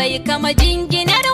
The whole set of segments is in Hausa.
bai kama jinginar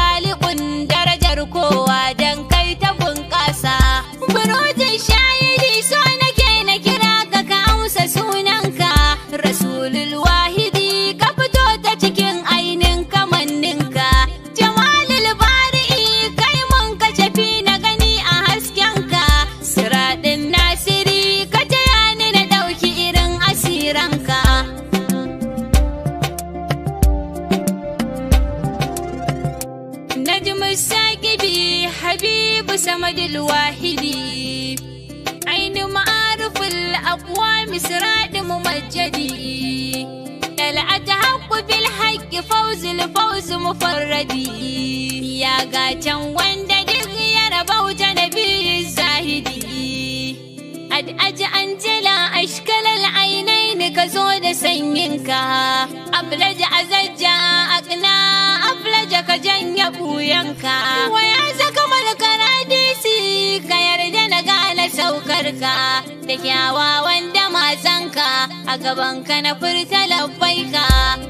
khaliqun darajar kowa dan abdul wahidi aini ma'arufin abuwa misraɗi mumajjadi dal'ata haƙƙu bil haƙƙi fauzul mu mufarradi ya gatan wanda duk ya rabauta na biyu zahidi ad'aji anjila ashkalal ainaini ka zo da sanyinka ablaja azajja akna ablaja ka janya buyanka barka da kyawawan da matanka a gabanka na furta labbaika